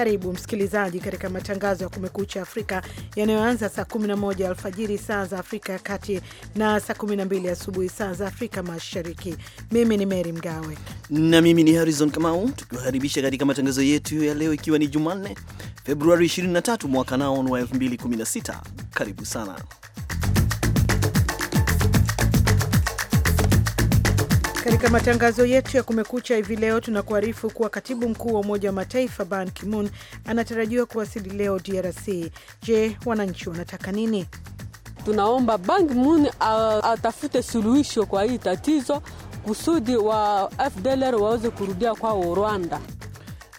Karibu msikilizaji katika matangazo ya Kumekucha Afrika yanayoanza saa 11 alfajiri saa za Afrika ya Kati na saa 12 asubuhi saa za Afrika Mashariki. Mimi ni Mary Mgawe na mimi ni Harrison Kamau, tukiwakaribisha katika matangazo yetu ya leo, ikiwa ni Jumanne Februari 23 mwaka nao wa 2016. Karibu sana Katika matangazo yetu ya Kumekucha hivi leo tunakuarifu kuwa katibu mkuu wa Umoja wa Mataifa Ban Ki-moon anatarajiwa kuwasili leo DRC. Je, wananchi wanataka nini? Tunaomba Ban Ki-moon uh, atafute suluhisho kwa hii tatizo kusudi wa FDLR waweze kurudia kwao Rwanda.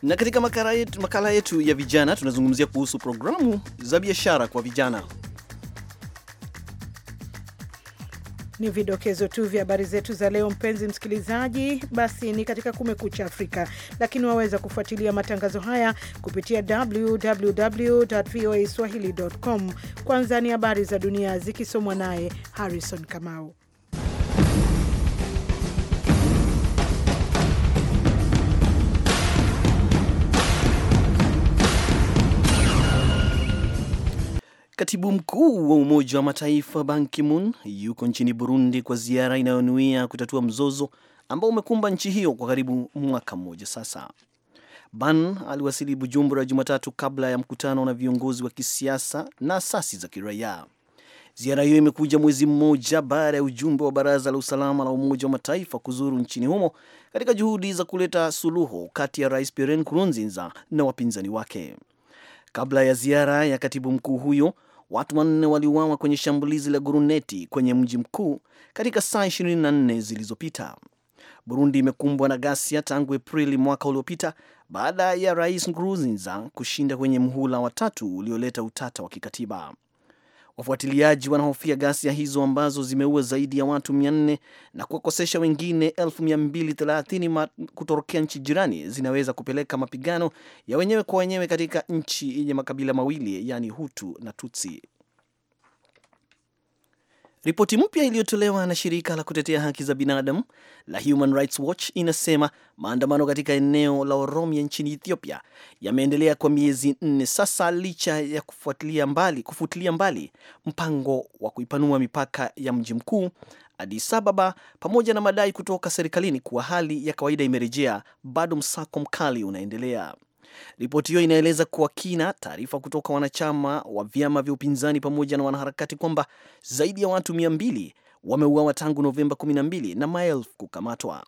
Na katika makala yetu, makala yetu ya vijana tunazungumzia kuhusu programu za biashara kwa vijana. ni vidokezo tu vya habari zetu za leo, mpenzi msikilizaji. Basi ni katika Kumekucha Afrika, lakini waweza kufuatilia matangazo haya kupitia swahilicom Kwanza ni habari za dunia zikisomwa naye Harrison Kamau. Katibu mkuu wa Umoja wa Mataifa Ban Ki-moon yuko nchini Burundi kwa ziara inayonuia kutatua mzozo ambao umekumba nchi hiyo kwa karibu mwaka mmoja sasa. Ban aliwasili Bujumbura Jumatatu kabla ya mkutano na viongozi wa kisiasa na asasi za kiraia. Ziara hiyo imekuja mwezi mmoja baada ya ujumbe wa Baraza la Usalama la Umoja wa Mataifa kuzuru nchini humo katika juhudi za kuleta suluhu kati ya Rais Pierre Nkurunziza na wapinzani wake. Kabla ya ziara ya katibu mkuu huyo, Watu wanne waliuawa kwenye shambulizi la guruneti kwenye mji mkuu katika saa 24 zilizopita. Burundi imekumbwa na ghasia tangu Aprili mwaka uliopita baada ya rais Nkurunziza kushinda kwenye mhula watatu ulioleta utata wa kikatiba. Wafuatiliaji wanahofia ghasia hizo ambazo zimeua zaidi ya watu 400 na kuwakosesha wengine 230 kutorokea nchi jirani zinaweza kupeleka mapigano ya wenyewe kwa wenyewe katika nchi yenye makabila mawili yaani Hutu na Tutsi. Ripoti mpya iliyotolewa na shirika la kutetea haki za binadamu la Human Rights Watch inasema maandamano katika eneo la Oromia nchini Ethiopia yameendelea kwa miezi nne sasa licha ya kufuatilia mbali, kufutilia mbali mpango wa kuipanua mipaka ya mji mkuu Addis Ababa pamoja na madai kutoka serikalini kuwa hali ya kawaida imerejea, bado msako mkali unaendelea. Ripoti hiyo inaeleza kwa kina taarifa kutoka wanachama wa vyama vya upinzani pamoja na wanaharakati kwamba zaidi ya watu 200 wameuawa tangu Novemba 12 na maelfu kukamatwa.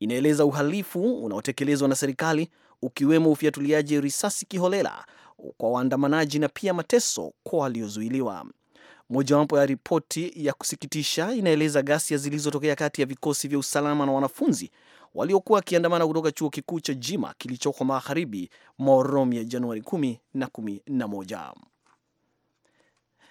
Inaeleza uhalifu unaotekelezwa na serikali ukiwemo ufiatuliaji risasi kiholela kwa waandamanaji na pia mateso kwa waliozuiliwa. Mojawapo ya ripoti ya kusikitisha inaeleza ghasia zilizotokea kati ya vikosi vya usalama na wanafunzi waliokuwa wakiandamana kutoka chuo kikuu cha Jima kilichoko magharibi mwa Oromia Januari 10 na 11. Na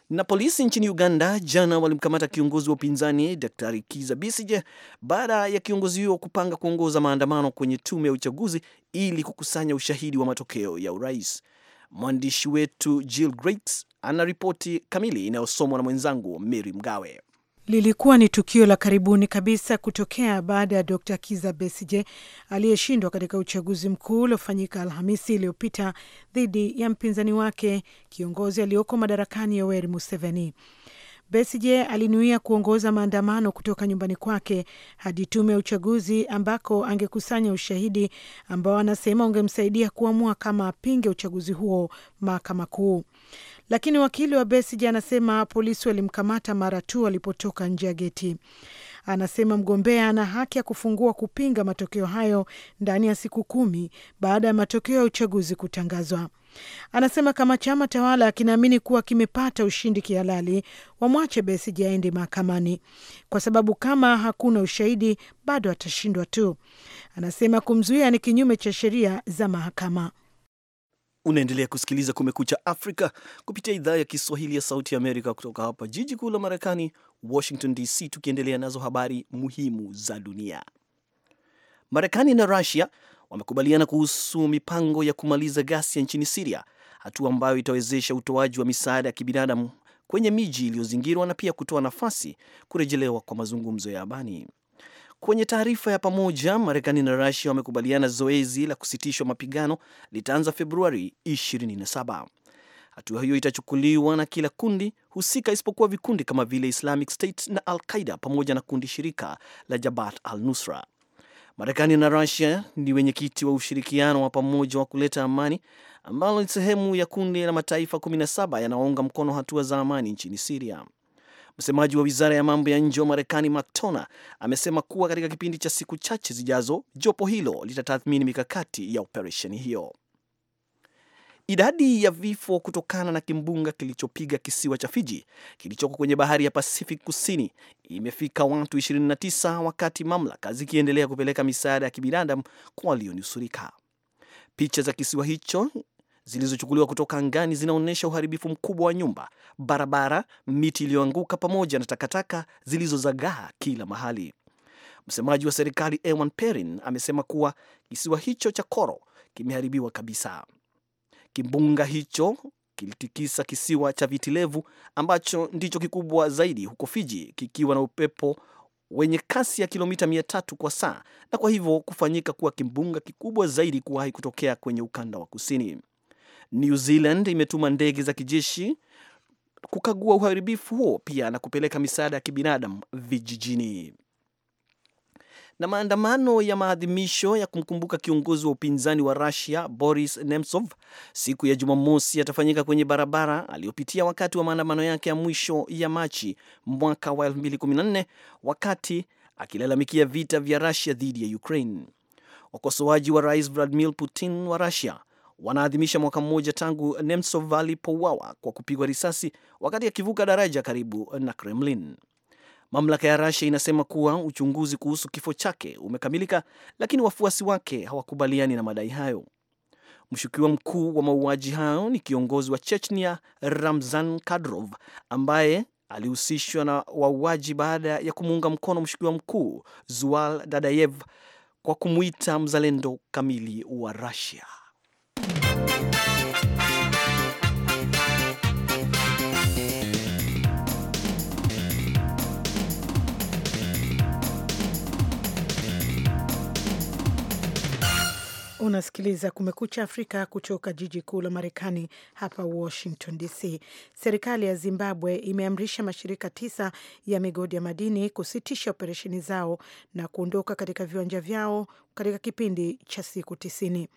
na polisi nchini Uganda jana walimkamata kiongozi wa upinzani Daktari Kiza Bisije baada ya kiongozi huo kupanga kuongoza maandamano kwenye tume ya uchaguzi ili kukusanya ushahidi wa matokeo ya urais. Mwandishi wetu Jill Greats ana ripoti kamili inayosomwa na mwenzangu Mary Mgawe lilikuwa ni tukio la karibuni kabisa kutokea baada ya Dr Kiza Besije aliyeshindwa katika uchaguzi mkuu uliofanyika Alhamisi iliyopita dhidi ya mpinzani wake kiongozi aliyoko madarakani Yoweri Museveni. Besije alinuia kuongoza maandamano kutoka nyumbani kwake hadi tume ya uchaguzi ambako angekusanya ushahidi ambao anasema ungemsaidia kuamua kama apinge uchaguzi huo mahakama kuu. Lakini wakili wa Besigye anasema polisi walimkamata mara tu alipotoka nje ya geti. Anasema mgombea ana haki ya kufungua kupinga matokeo hayo ndani ya siku kumi baada ya matokeo ya uchaguzi kutangazwa. Anasema kama chama tawala kinaamini kuwa kimepata ushindi kihalali, wamwache Besigye aende mahakamani, kwa sababu kama hakuna ushahidi bado atashindwa tu. Anasema kumzuia ni kinyume cha sheria za mahakama. Unaendelea kusikiliza Kumekucha Afrika kupitia idhaa ya Kiswahili ya Sauti Amerika kutoka hapa jiji kuu la Marekani, Washington DC, tukiendelea nazo habari muhimu za dunia. Marekani na Rusia wamekubaliana kuhusu mipango ya kumaliza ghasia nchini Siria, hatua ambayo itawezesha utoaji wa misaada ya kibinadamu kwenye miji iliyozingirwa na pia kutoa nafasi kurejelewa kwa mazungumzo ya amani. Kwenye taarifa ya pamoja, Marekani na Rusia wamekubaliana zoezi la kusitishwa mapigano litaanza Februari 27. Hatua hiyo itachukuliwa na kila kundi husika isipokuwa vikundi kama vile Islamic State na Al Qaida pamoja na kundi shirika la Jabhat al Nusra. Marekani na Rusia ni wenyekiti wa ushirikiano wa pamoja wa kuleta amani ambalo ni sehemu ya kundi la mataifa 17 yanaounga mkono hatua za amani nchini Siria. Msemaji wa wizara ya mambo ya nje wa Marekani McTona amesema kuwa katika kipindi cha siku chache zijazo jopo hilo litatathmini mikakati ya operesheni hiyo. Idadi ya vifo kutokana na kimbunga kilichopiga kisiwa cha Fiji kilichoko kwenye bahari ya Pacific kusini imefika watu 29 wakati mamlaka zikiendelea kupeleka misaada ya kibinadamu kwa walionusurika. Picha za kisiwa hicho zilizochukuliwa kutoka angani zinaonyesha uharibifu mkubwa wa nyumba, barabara, miti iliyoanguka pamoja na takataka zilizozagaa kila mahali. Msemaji wa serikali Ewan Perin amesema kuwa kisiwa hicho cha Koro kimeharibiwa kabisa. Kimbunga hicho kilitikisa kisiwa cha Vitilevu ambacho ndicho kikubwa zaidi huko Fiji, kikiwa na upepo wenye kasi ya kilomita 300 kwa saa na kwa hivyo kufanyika kuwa kimbunga kikubwa zaidi kuwahi kutokea kwenye ukanda wa kusini. New Zealand imetuma ndege za kijeshi kukagua uharibifu huo pia na kupeleka misaada ya kibinadamu vijijini. Na maandamano ya maadhimisho ya kumkumbuka kiongozi wa upinzani wa Russia Boris Nemtsov siku ya Jumamosi yatafanyika kwenye barabara aliyopitia wakati wa maandamano yake ya mwisho ya Machi mwaka wa 2014 wakati akilalamikia vita vya Russia dhidi ya Ukraine. Wakosoaji wa Rais Vladimir Putin wa Russia wanaadhimisha mwaka mmoja tangu Nemtsov alipouawa kwa kupigwa risasi wakati akivuka daraja karibu na Kremlin. Mamlaka ya Russia inasema kuwa uchunguzi kuhusu kifo chake umekamilika, lakini wafuasi wake hawakubaliani na madai hayo. Mshukiwa mkuu wa mauaji hayo ni kiongozi wa Chechnia Ramzan Kadyrov ambaye alihusishwa na wauaji baada ya kumuunga mkono mshukiwa mkuu Zual Dadayev kwa kumwita mzalendo kamili wa Russia. you. Unasikiliza Kumekucha Afrika kutoka jiji kuu la Marekani, hapa Washington DC. Serikali ya Zimbabwe imeamrisha mashirika tisa ya migodi ya madini kusitisha operesheni zao na kuondoka katika viwanja vyao katika kipindi cha siku tisini.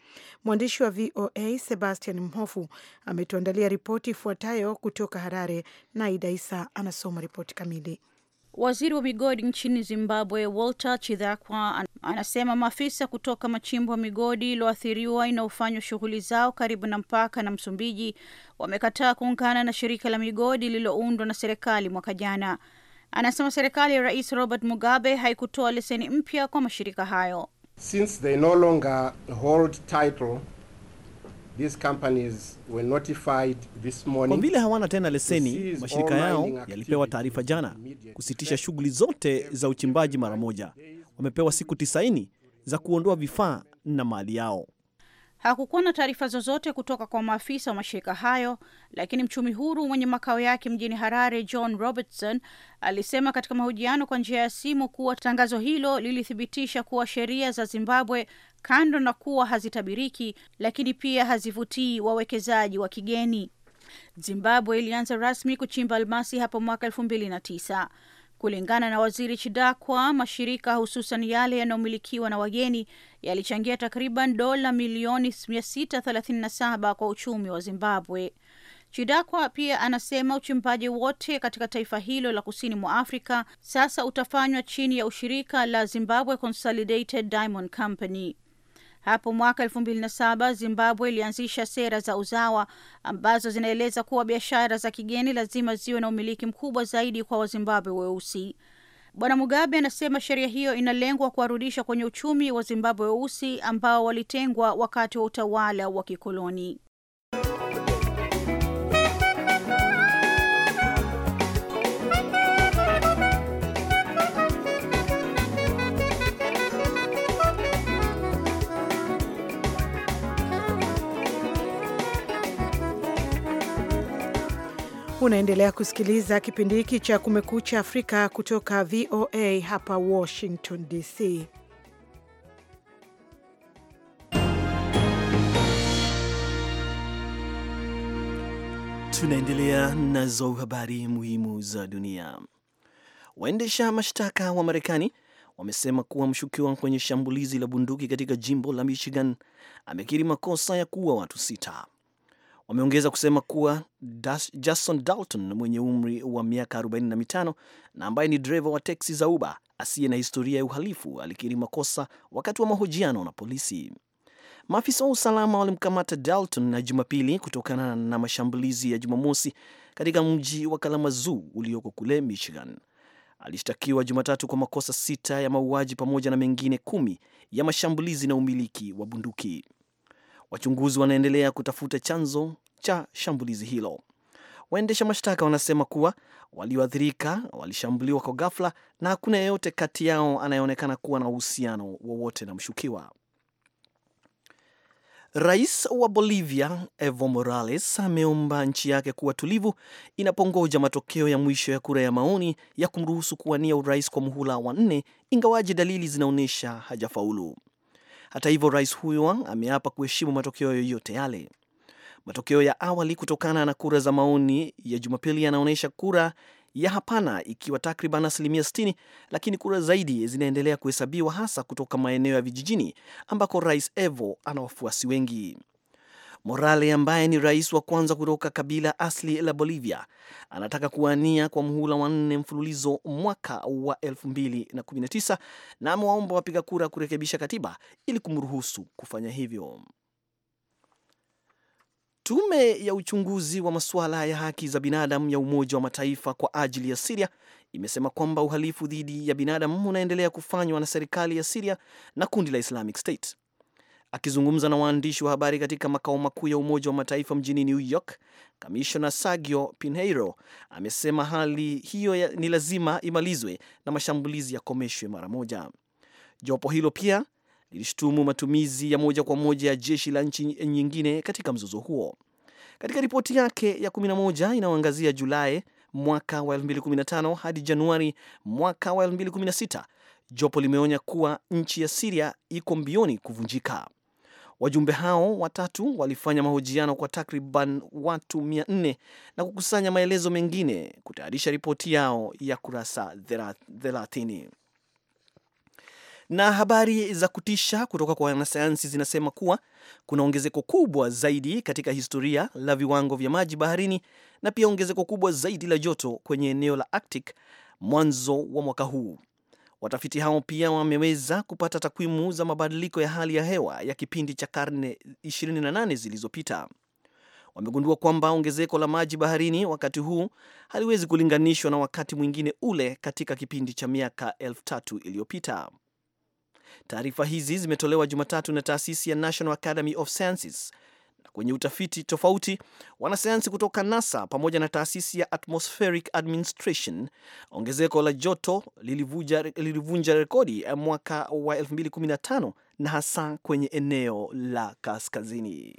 Mwandishi wa VOA Sebastian Mhofu ametuandalia ripoti ifuatayo kutoka Harare na Aida Isa anasoma ripoti kamili. Waziri wa migodi nchini Zimbabwe Walter Chidhakwa anasema maafisa kutoka machimbo ya migodi iliyoathiriwa inayofanywa shughuli zao karibu na mpaka na Msumbiji wamekataa kuungana na shirika la migodi lililoundwa na serikali mwaka jana. Anasema serikali ya Rais Robert Mugabe haikutoa leseni mpya kwa mashirika hayo. Since they no longer hold title These companies were notified this morning. Kwa vile hawana tena leseni, mashirika yao yalipewa taarifa jana kusitisha shughuli zote za uchimbaji mara moja. Wamepewa siku 90 za kuondoa vifaa na mali yao. Hakukuwa na taarifa zozote kutoka kwa maafisa wa mashirika hayo, lakini mchumi huru mwenye makao yake mjini Harare, John Robertson, alisema katika mahojiano kwa njia ya simu kuwa tangazo hilo lilithibitisha kuwa sheria za Zimbabwe, kando na kuwa hazitabiriki, lakini pia hazivutii wawekezaji wa kigeni. Zimbabwe ilianza rasmi kuchimba almasi hapo mwaka elfu mbili na tisa. Kulingana na waziri Chidakwa, mashirika hususan yale yanayomilikiwa na wageni yalichangia takriban dola milioni 637 kwa uchumi wa Zimbabwe. Chidakwa pia anasema uchimbaji wote katika taifa hilo la kusini mwa Afrika sasa utafanywa chini ya ushirika la Zimbabwe Consolidated Diamond Company. Hapo mwaka 2007 Zimbabwe ilianzisha sera za uzawa ambazo zinaeleza kuwa biashara za kigeni lazima ziwe na umiliki mkubwa zaidi kwa Wazimbabwe weusi. Bwana Mugabe anasema sheria hiyo inalengwa kuwarudisha kwenye uchumi wa Zimbabwe weusi ambao walitengwa wakati wa utawala wa kikoloni. Unaendelea kusikiliza kipindi hiki cha Kumekucha Afrika kutoka VOA hapa Washington DC. Tunaendelea nazo habari muhimu za dunia. Waendesha mashtaka wa Marekani wamesema kuwa mshukiwa kwenye shambulizi la bunduki katika jimbo la Michigan amekiri makosa ya kuua watu sita. Wameongeza kusema kuwa Jason Dalton mwenye umri wa miaka 45 na ambaye ni dreva wa teksi za Uber asiye na historia ya uhalifu alikiri makosa wakati wa mahojiano na polisi. Maafisa wa usalama walimkamata Dalton na Jumapili kutokana na mashambulizi ya Jumamosi katika mji wa Kalamazoo ulioko kule Michigan. Alishtakiwa Jumatatu kwa makosa sita ya mauaji pamoja na mengine kumi ya mashambulizi na umiliki wa bunduki. Wachunguzi wanaendelea kutafuta chanzo cha shambulizi hilo. Waendesha mashtaka wanasema kuwa walioathirika walishambuliwa kwa ghafla na hakuna yeyote kati yao anayeonekana kuwa na uhusiano wowote na mshukiwa. Rais wa Bolivia Evo Morales ameomba nchi yake kuwa tulivu inapongoja matokeo ya mwisho ya kura ya maoni ya kumruhusu kuwania urais kwa muhula wa nne, ingawaje dalili zinaonyesha hajafaulu. Hata hivyo, rais huyo ameapa kuheshimu matokeo yoyote yale. Matokeo ya awali kutokana na kura za maoni ya Jumapili yanaonyesha kura ya hapana ikiwa takriban asilimia 60, lakini kura zaidi zinaendelea kuhesabiwa hasa kutoka maeneo ya vijijini ambako rais Evo ana wafuasi wengi. Morale ambaye ni rais wa kwanza kutoka kabila asli la Bolivia anataka kuwania kwa mhula wa nne mfululizo mwaka wa 2019 na amewaomba wapiga kura kurekebisha katiba ili kumruhusu kufanya hivyo. Tume ya uchunguzi wa masuala ya haki za binadamu ya Umoja wa Mataifa kwa ajili ya Siria imesema kwamba uhalifu dhidi ya binadamu unaendelea kufanywa na serikali ya Siria na kundi la Islamic State. Akizungumza na waandishi wa habari katika makao makuu ya Umoja wa Mataifa mjini New York, kamishona Sergio Pinheiro amesema hali hiyo ni lazima imalizwe na mashambulizi yakomeshwe mara moja. Jopo hilo pia lilishutumu matumizi ya moja kwa moja ya jeshi la nchi nyingine katika mzozo huo. Katika ripoti yake ya 11 inayoangazia Julai mwaka wa 2015 hadi Januari mwaka wa 2016, jopo limeonya kuwa nchi ya Siria iko mbioni kuvunjika. Wajumbe hao watatu walifanya mahojiano kwa takriban watu 400 na kukusanya maelezo mengine kutayarisha ripoti yao ya kurasa 30. Na habari za kutisha kutoka kwa wanasayansi zinasema kuwa kuna ongezeko kubwa zaidi katika historia la viwango vya maji baharini na pia ongezeko kubwa zaidi la joto kwenye eneo la Arctic mwanzo wa mwaka huu. Watafiti hao pia wameweza kupata takwimu za mabadiliko ya hali ya hewa ya kipindi cha karne 28 zilizopita. Wamegundua kwamba ongezeko la maji baharini wakati huu haliwezi kulinganishwa na wakati mwingine ule katika kipindi cha miaka elfu tatu iliyopita. Taarifa hizi zimetolewa Jumatatu na taasisi ya National Academy of Sciences na kwenye utafiti tofauti, wanasayansi kutoka NASA pamoja na taasisi ya Atmospheric Administration, ongezeko la joto lilivunja rekodi mwaka wa 2015 na hasa kwenye eneo la kaskazini.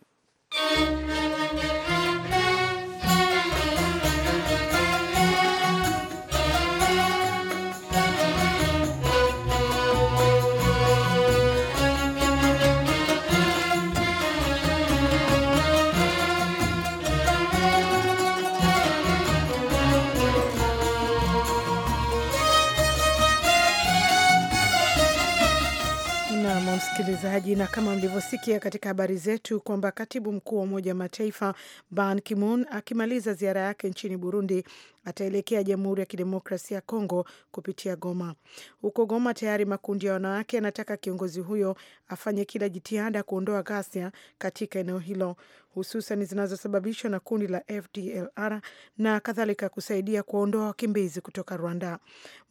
na kama mlivyosikia katika habari zetu kwamba katibu mkuu wa Umoja wa Mataifa Ban Ki-moon akimaliza ziara yake nchini Burundi ataelekea Jamhuri ya Kidemokrasia ya Kongo kupitia Goma. Huko Goma tayari makundi ya wanawake yanataka kiongozi huyo afanye kila jitihada kuondoa ghasia katika eneo hilo hususan zinazosababishwa na kundi la FDLR na kadhalika, kusaidia kuwaondoa wakimbizi kutoka Rwanda.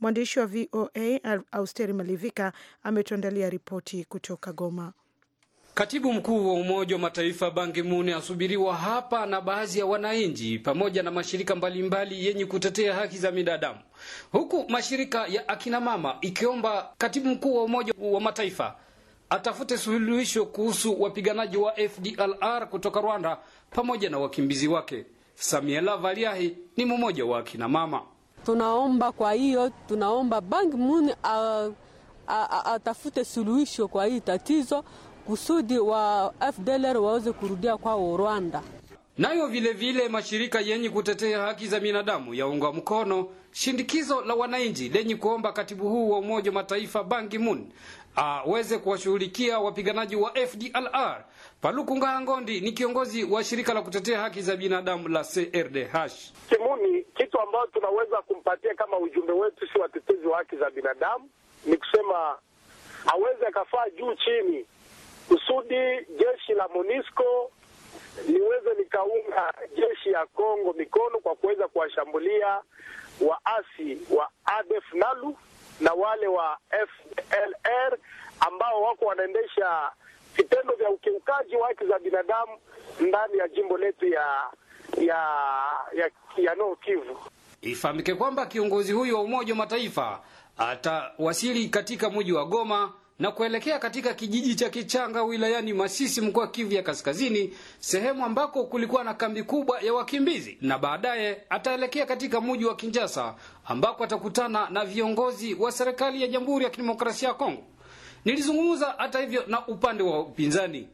Mwandishi wa VOA Austeri Malivika ametuandalia ripoti kutoka Goma. Katibu mkuu wa Umoja wa Mataifa Ban Ki-moon asubiriwa hapa na baadhi ya wananchi pamoja na mashirika mbalimbali mbali yenye kutetea haki za binadamu, huku mashirika ya akina mama ikiomba katibu mkuu wa Umoja wa Mataifa atafute suluhisho kuhusu wapiganaji wa FDLR kutoka Rwanda pamoja na wakimbizi wake. Samiela Valiahi ni mmoja wa akina mama. Tunaomba kwa hiyo, tunaomba Ban Ki-moon atafute suluhisho kwa hii tatizo kusudi wa FDLR waweze kurudia kwao Rwanda. Nayo vilevile vile mashirika yenye kutetea haki za binadamu yaunga mkono shindikizo la wananchi lenye kuomba katibu huu wa Umoja wa Mataifa Ban Ki-moon aweze kuwashughulikia wapiganaji wa FDLR. Paluku Ngahangondi ni kiongozi wa shirika la kutetea haki za binadamu la CRDH. Kimuni, kitu ambacho tunaweza kumpatia kama ujumbe wetu si watetezi wa haki za binadamu ni kusema aweze akafaa juu chini kusudi jeshi la MONUSCO liweze likaunga jeshi ya Kongo mikono kwa kuweza kuwashambulia waasi wa ADF Nalu na wale wa FLR ambao wako wanaendesha vitendo vya ukiukaji wa haki za binadamu ndani ya jimbo letu ya ya ya, ya Nord Kivu. Ifahamike kwamba kiongozi huyu wa Umoja wa Mataifa atawasili katika mji wa Goma na kuelekea katika kijiji cha Kichanga wilayani Masisi mkoa Kivu ya Kaskazini, sehemu ambako kulikuwa na kambi kubwa ya wakimbizi, na baadaye ataelekea katika mji wa Kinjasa ambako atakutana na viongozi wa serikali ya Jamhuri ya Kidemokrasia ya Kongo. Nilizungumza hata hivyo na upande wa upinzani.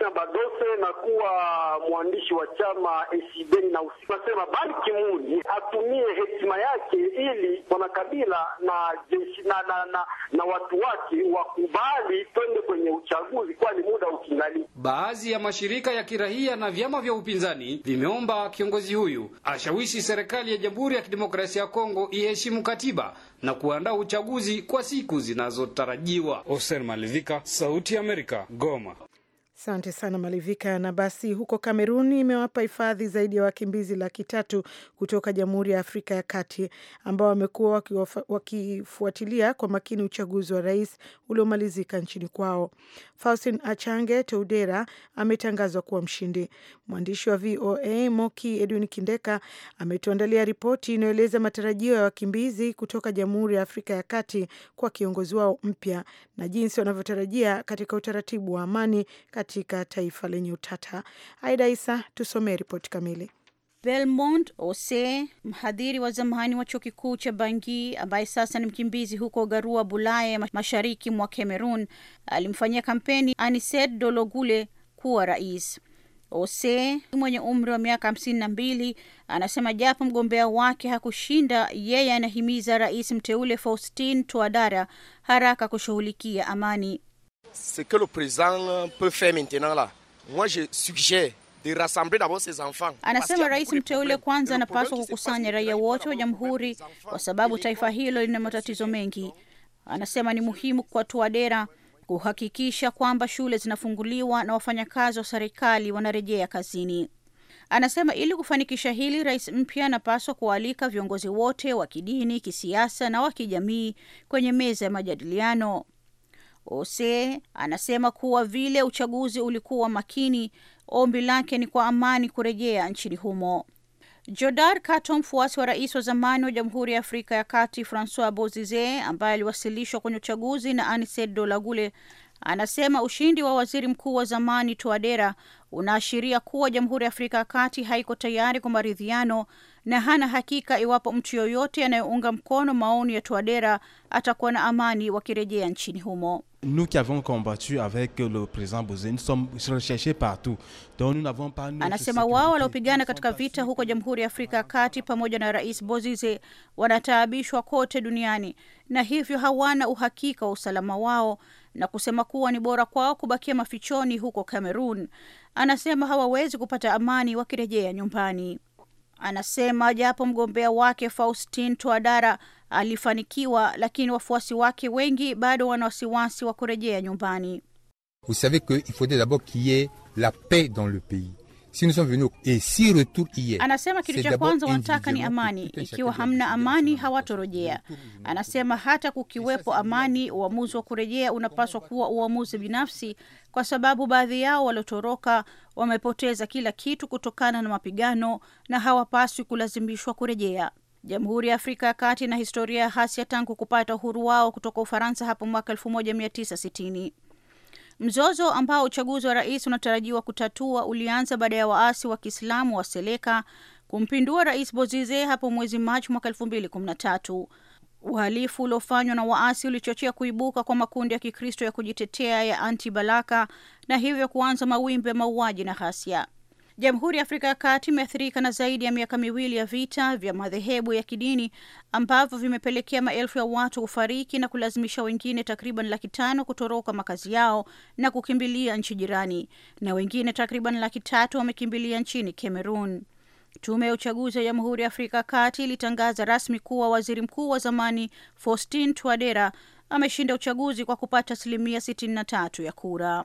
Christian Badose na kuwa mwandishi wa chama ACD na usiku Ban Ki-moon atumie hekima yake ili bwana Kabila na jeshi na, na, na, na watu wake wakubali twende kwenye uchaguzi, kwani muda ukingali. Baadhi ya mashirika ya kirahia na vyama vya upinzani vimeomba kiongozi huyu ashawishi serikali ya Jamhuri ya Kidemokrasia ya Kongo iheshimu katiba na kuandaa uchaguzi kwa siku zinazotarajiwa. Osen Malivika, Sauti ya Amerika, Goma. Asante sana Malivika. Na basi huko Kameruni imewapa hifadhi zaidi ya wakimbizi laki tatu kutoka Jamhuri ya Afrika ya Kati ambao wamekuwa wakifuatilia kwa makini uchaguzi wa rais uliomalizika nchini kwao. Faustin Achange Teudera ametangazwa kuwa mshindi. Mwandishi wa VOA Moki Edwin Kindeka ametuandalia ripoti inayoeleza matarajio ya wakimbizi kutoka Jamhuri ya Afrika ya Kati kwa kiongozi wao mpya na jinsi wanavyotarajia katika utaratibu wa amani kati katika taifa lenye utata. Aida Isa, tusomee ripoti kamili. Belmont Ose, mhadhiri wa zamani wa chuo kikuu cha bangi ambaye sasa ni mkimbizi huko Garua, Bulaye, mashariki mwa Cameroon, alimfanyia kampeni Aniset Dologule kuwa rais. Ose mwenye umri wa miaka hamsini na mbili anasema japo mgombea wake hakushinda, yeye anahimiza rais mteule Faustin Touadera haraka kushughulikia amani. Ce que le président peut faire maintenant là, moi je suggère Anasema rais mteule kwanza anapaswa kukusanya raia wote wa jamhuri, kwa sababu taifa hilo lina matatizo mengi. Anasema ni muhimu kwa TUADERA kuhakikisha kwamba shule zinafunguliwa na wafanyakazi wa serikali wanarejea kazini. Anasema ili kufanikisha hili, rais mpya anapaswa kuwaalika viongozi wote wa kidini, kisiasa na wa kijamii kwenye meza ya majadiliano. Ose anasema kuwa vile uchaguzi ulikuwa makini, ombi lake ni kwa amani kurejea nchini humo. Jodar Kato, mfuasi wa rais wa zamani wa Jamhuri ya Afrika ya Kati Francois Bozize, ambaye aliwasilishwa kwenye uchaguzi na Aniset Dolagule, anasema ushindi wa waziri mkuu wa zamani Touadera unaashiria kuwa Jamhuri ya Afrika ya Kati haiko tayari kwa maridhiano na hana hakika iwapo mtu yoyote anayeunga mkono maoni ya Touadera atakuwa na amani wakirejea nchini humo nous qui avons combattu avec le président Bozé, nous sommes recherchés partout. Donc nous n'avons pas nous Anasema wao waliopigana katika vita huko Jamhuri ya Afrika ya Kati pamoja na Rais Bozize wanataabishwa kote duniani na hivyo hawana uhakika wa usalama wao na kusema kuwa ni bora kwao kubakia mafichoni huko Cameroon. Anasema hawawezi kupata amani wakirejea nyumbani. Anasema japo mgombea wake Faustin Touadera alifanikiwa, lakini wafuasi wake wengi bado wana wasiwasi wa kurejea nyumbani. Vous savez que il faudrait d'abord qu'il y ait la paix dans le pays. Si nous sommes venus et si retour Anasema kitu cha kwanza wanataka ni amani. Ikiwa hamna amani, hawatorejea. Anasema hata kukiwepo amani, uamuzi wa kurejea unapaswa kuwa uamuzi binafsi, kwa sababu baadhi yao waliotoroka wamepoteza kila kitu kutokana na mapigano na hawapaswi kulazimishwa kurejea. Jamhuri ya Afrika ya Kati ina historia ya hasia tangu kupata uhuru wao kutoka Ufaransa hapo mwaka 1960. Mzozo ambao uchaguzi wa rais unatarajiwa kutatua ulianza baada ya waasi wa Kiislamu wa Seleka kumpindua Rais Bozize hapo mwezi Machi mwaka 2013. Uhalifu uliofanywa na waasi ulichochea kuibuka kwa makundi ya Kikristo ya kujitetea ya Anti Balaka na hivyo kuanza mawimbi ya mauaji na ghasia. Jamhuri ya Afrika ya Kati imeathirika na zaidi ya miaka miwili ya vita vya madhehebu ya kidini ambavyo vimepelekea maelfu ya watu kufariki na kulazimisha wengine takriban laki tano kutoroka makazi yao na kukimbilia nchi jirani, na wengine takriban laki tatu wamekimbilia nchini Cameroon. Tume ya uchaguzi ya Jamhuri ya Afrika ya Kati ilitangaza rasmi kuwa waziri mkuu wa zamani Faustin Twadera ameshinda uchaguzi kwa kupata asilimia 63 ya kura.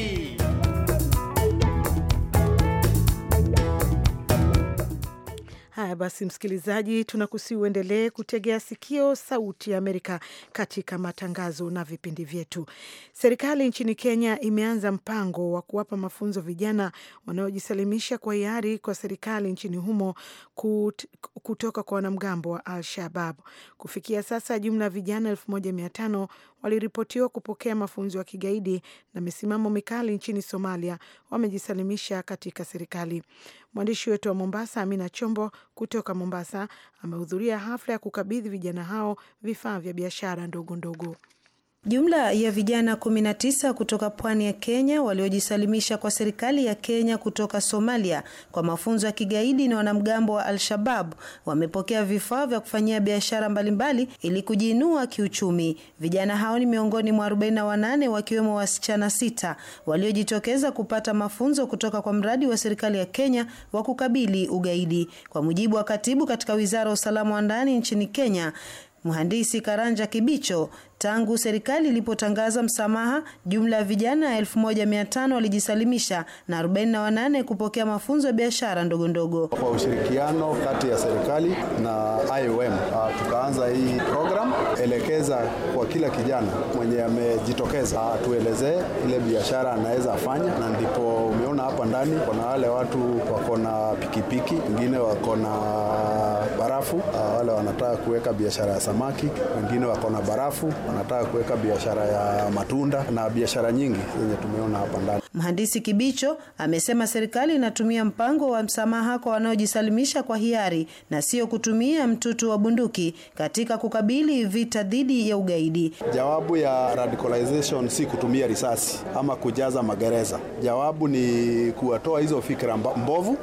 Haya basi, msikilizaji, tunakusi uendelee kutegea sikio Sauti ya Amerika katika matangazo na vipindi vyetu. Serikali nchini Kenya imeanza mpango wa kuwapa mafunzo vijana wanaojisalimisha kwa hiari kwa serikali nchini humo kut, kutoka kwa wanamgambo wa Al Shabab. Kufikia sasa jumla ya vijana elfu moja mia tano waliripotiwa kupokea mafunzo ya kigaidi na misimamo mikali nchini Somalia wamejisalimisha katika serikali. Mwandishi wetu wa Mombasa, Amina Chombo kutoka Mombasa, amehudhuria hafla ya kukabidhi vijana hao vifaa vya biashara ndogo ndogo. Jumla ya vijana 19 kutoka pwani ya Kenya waliojisalimisha kwa serikali ya Kenya kutoka Somalia kwa mafunzo ya kigaidi na wanamgambo wa Al-Shabab wamepokea vifaa vya kufanyia biashara mbalimbali ili kujiinua kiuchumi. Vijana hao ni miongoni mwa 48 wakiwemo wasichana sita waliojitokeza kupata mafunzo kutoka kwa mradi wa serikali ya Kenya wa kukabili ugaidi. Kwa mujibu wa katibu katika Wizara ya Usalama wa Ndani nchini Kenya, Mhandisi Karanja Kibicho, tangu serikali ilipotangaza msamaha, jumla ya vijana 1500 walijisalimisha na 48 kupokea mafunzo ya biashara ndogondogo kwa ushirikiano kati ya serikali na IOM tukaanza hii program elekeza kwa kila kijana mwenye amejitokeza atuelezee ile biashara anaweza fanya, na ndipo umeona hapa ndani kuna wale watu wako na pikipiki, wengine wako na barafu, ah, wale wanataka kuweka biashara ya samaki, wengine wako na barafu wanataka kuweka biashara ya matunda na biashara nyingi zenye tumeona hapa ndani. Mhandisi Kibicho amesema serikali inatumia mpango wa msamaha kwa wanaojisalimisha kwa hiari na sio kutumia mtutu wa bunduki katika kukabili vita dhidi ya ugaidi. Jawabu ya radicalization si kutumia risasi ama kujaza magereza. Jawabu ni kuwatoa hizo fikra mbovu,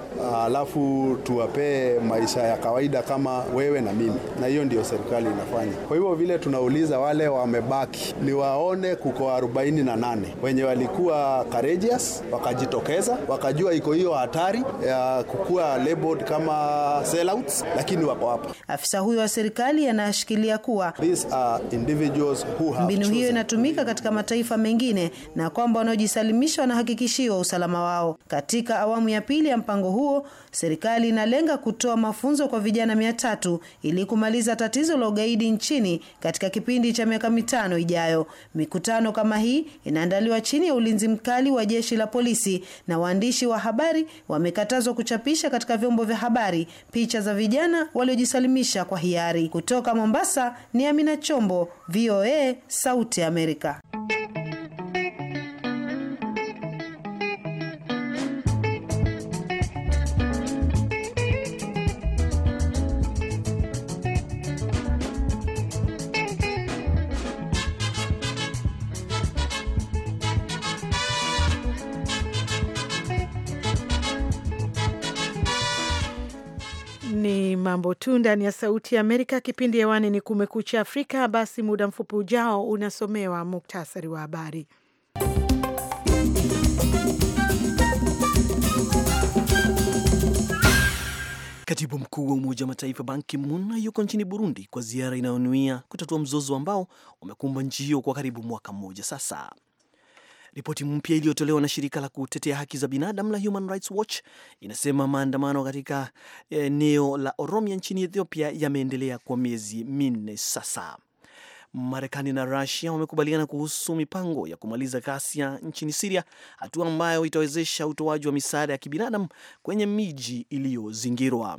alafu tuwapee maisha ya kawaida kama wewe na mimi, na hiyo ndio serikali inafanya. Kwa hivyo vile tunauliza wale wamebaki ni waone kuko 48 wenye walikuwa kare contagious wakajitokeza, wakajua iko hiyo hatari ya kukua labeled kama sellouts, lakini wako hapa. Afisa huyo wa serikali anashikilia kuwa These are individuals who have mbinu hiyo inatumika katika mataifa mengine na kwamba wanaojisalimisha wanahakikishiwa usalama wao. Katika awamu ya pili ya mpango huo, serikali inalenga kutoa mafunzo kwa vijana mia tatu ili kumaliza tatizo la ugaidi nchini katika kipindi cha miaka mitano ijayo. Mikutano kama hii inaandaliwa chini ya ulinzi mkali wa jeshi la polisi na waandishi wa habari wamekatazwa kuchapisha katika vyombo vya habari picha za vijana waliojisalimisha kwa hiari. Kutoka Mombasa ni Amina Chombo, VOA, Sauti Amerika. mambo tu ndani ya Sauti ya Amerika. Kipindi hewani ni Kumekucha Afrika. Basi muda mfupi ujao unasomewa muktasari wa habari. Katibu mkuu wa Umoja wa Mataifa Ban Ki-moon yuko nchini Burundi kwa ziara inayonuia kutatua mzozo ambao umekumba nchi hiyo kwa karibu mwaka mmoja sasa. Ripoti mpya iliyotolewa na shirika la kutetea haki za binadamu la Human Rights Watch inasema maandamano katika eneo la Oromia nchini Ethiopia yameendelea kwa miezi minne sasa. Marekani na Rusia wamekubaliana kuhusu mipango ya kumaliza ghasia nchini Siria, hatua ambayo itawezesha utoaji wa misaada ya kibinadamu kwenye miji iliyozingirwa.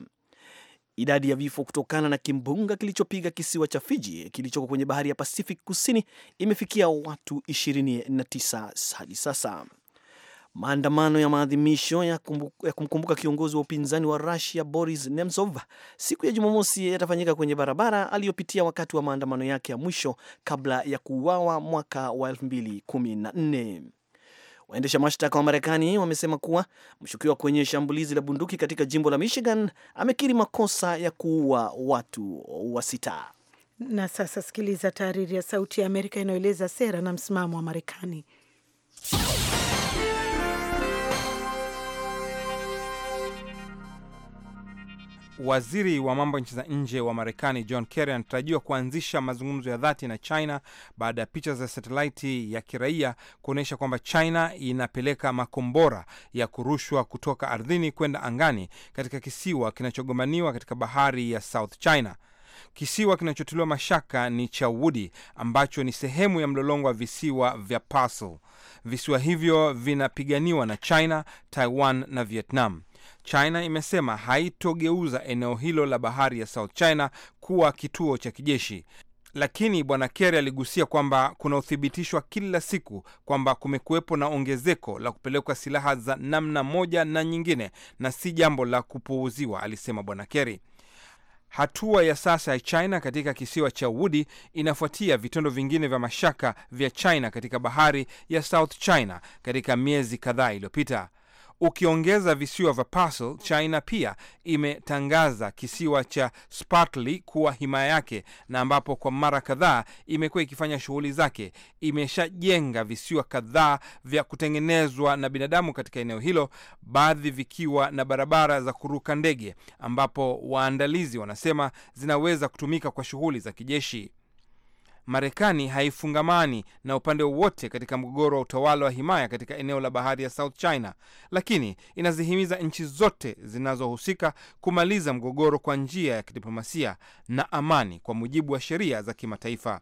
Idadi ya vifo kutokana na kimbunga kilichopiga kisiwa cha Fiji kilichoko kwenye bahari ya Pacific kusini imefikia watu 29 hadi sasa. Maandamano ya maadhimisho ya, ya kumkumbuka kiongozi wa upinzani wa Russia Boris Nemtsov siku ya Jumamosi yatafanyika kwenye barabara aliyopitia wakati wa maandamano yake ya mwisho kabla ya kuuawa mwaka wa 2014. Waendesha mashtaka wa Marekani wamesema kuwa mshukiwa kwenye shambulizi la bunduki katika jimbo la Michigan amekiri makosa ya kuua watu wasita. Na sasa sikiliza taariri ya Sauti ya Amerika inayoeleza sera na msimamo wa Marekani. Waziri wa mambo ya nchi za nje wa Marekani John Kerry anatarajiwa kuanzisha mazungumzo ya dhati na China baada ya picha za satelaiti ya kiraia kuonyesha kwamba China inapeleka makombora ya kurushwa kutoka ardhini kwenda angani katika kisiwa kinachogombaniwa katika bahari ya South China. Kisiwa kinachotuliwa mashaka ni cha Wudi ambacho ni sehemu ya mlolongo wa visiwa vya Paracel. Visiwa hivyo vinapiganiwa na China, Taiwan na Vietnam. China imesema haitogeuza eneo hilo la bahari ya South China kuwa kituo cha kijeshi. Lakini Bwana Kerry aligusia kwamba kuna uthibitishwa kila siku kwamba kumekuwepo na ongezeko la kupelekwa silaha za namna moja na nyingine, na si jambo la kupuuziwa, alisema Bwana Kerry. Hatua ya sasa ya China katika kisiwa cha wudi inafuatia vitendo vingine vya mashaka vya China katika bahari ya South China katika miezi kadhaa iliyopita. Ukiongeza visiwa vya Parcel, China pia imetangaza kisiwa cha Spratly kuwa himaya yake, na ambapo kwa mara kadhaa imekuwa ikifanya shughuli zake. Imeshajenga visiwa kadhaa vya kutengenezwa na binadamu katika eneo hilo, baadhi vikiwa na barabara za kuruka ndege, ambapo waandalizi wanasema zinaweza kutumika kwa shughuli za kijeshi. Marekani haifungamani na upande wowote katika mgogoro wa utawala wa himaya katika eneo la bahari ya South China, lakini inazihimiza nchi zote zinazohusika kumaliza mgogoro kwa njia ya kidiplomasia na amani kwa mujibu wa sheria za kimataifa.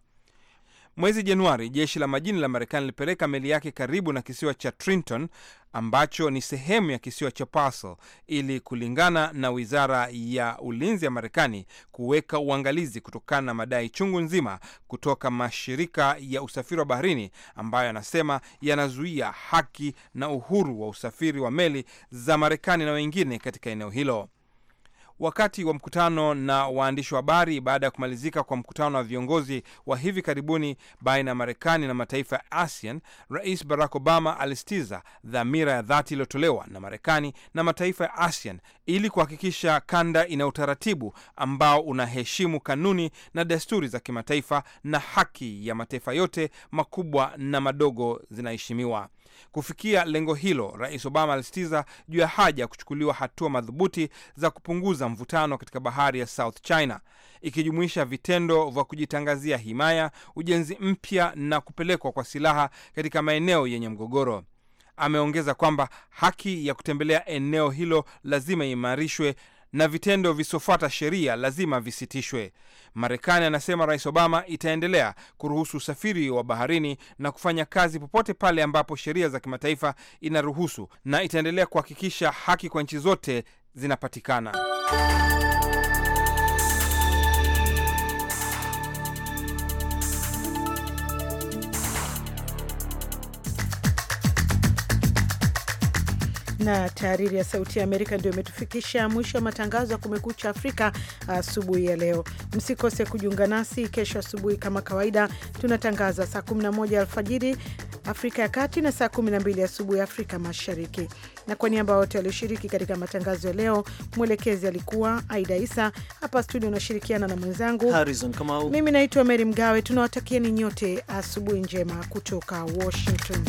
Mwezi Januari, jeshi la majini la Marekani lilipeleka meli yake karibu na kisiwa cha Trinton ambacho ni sehemu ya kisiwa cha Pascal ili kulingana na wizara ya ulinzi ya Marekani kuweka uangalizi kutokana na madai chungu nzima kutoka mashirika ya usafiri wa baharini ambayo yanasema yanazuia haki na uhuru wa usafiri wa meli za Marekani na wengine katika eneo hilo. Wakati wa mkutano na waandishi wa habari baada ya kumalizika kwa mkutano wa viongozi wa hivi karibuni baina ya Marekani na mataifa ya ASEAN, Rais Barack Obama alisitiza dhamira ya dhati iliyotolewa na Marekani na mataifa ya ASEAN ili kuhakikisha kanda ina utaratibu ambao unaheshimu kanuni na desturi za kimataifa na haki ya mataifa yote makubwa na madogo zinaheshimiwa. Kufikia lengo hilo, Rais Obama alisitiza juu ya haja ya kuchukuliwa hatua madhubuti za kupunguza mvutano katika bahari ya South China, ikijumuisha vitendo vya kujitangazia himaya, ujenzi mpya na kupelekwa kwa silaha katika maeneo yenye mgogoro. Ameongeza kwamba haki ya kutembelea eneo hilo lazima iimarishwe na vitendo visiofuata sheria lazima visitishwe. Marekani, anasema Rais Obama, itaendelea kuruhusu usafiri wa baharini na kufanya kazi popote pale ambapo sheria za kimataifa inaruhusu, na itaendelea kuhakikisha haki kwa nchi zote zinapatikana. na taariri ya Sauti ya Amerika ndio imetufikisha mwisho wa matangazo ya Kumekucha Afrika asubuhi ya leo. Msikose kujiunga nasi kesho asubuhi kama kawaida, tunatangaza saa 11 alfajiri Afrika ya Kati na saa 12 asubuhi Afrika Mashariki. Na kwa niaba wote walioshiriki katika matangazo ya leo, mwelekezi alikuwa Aida Isa. Hapa studio unashirikiana na mwenzangu Harrison Kamau. Mimi naitwa Meri Mgawe. Tunawatakieni nyote asubuhi njema kutoka Washington.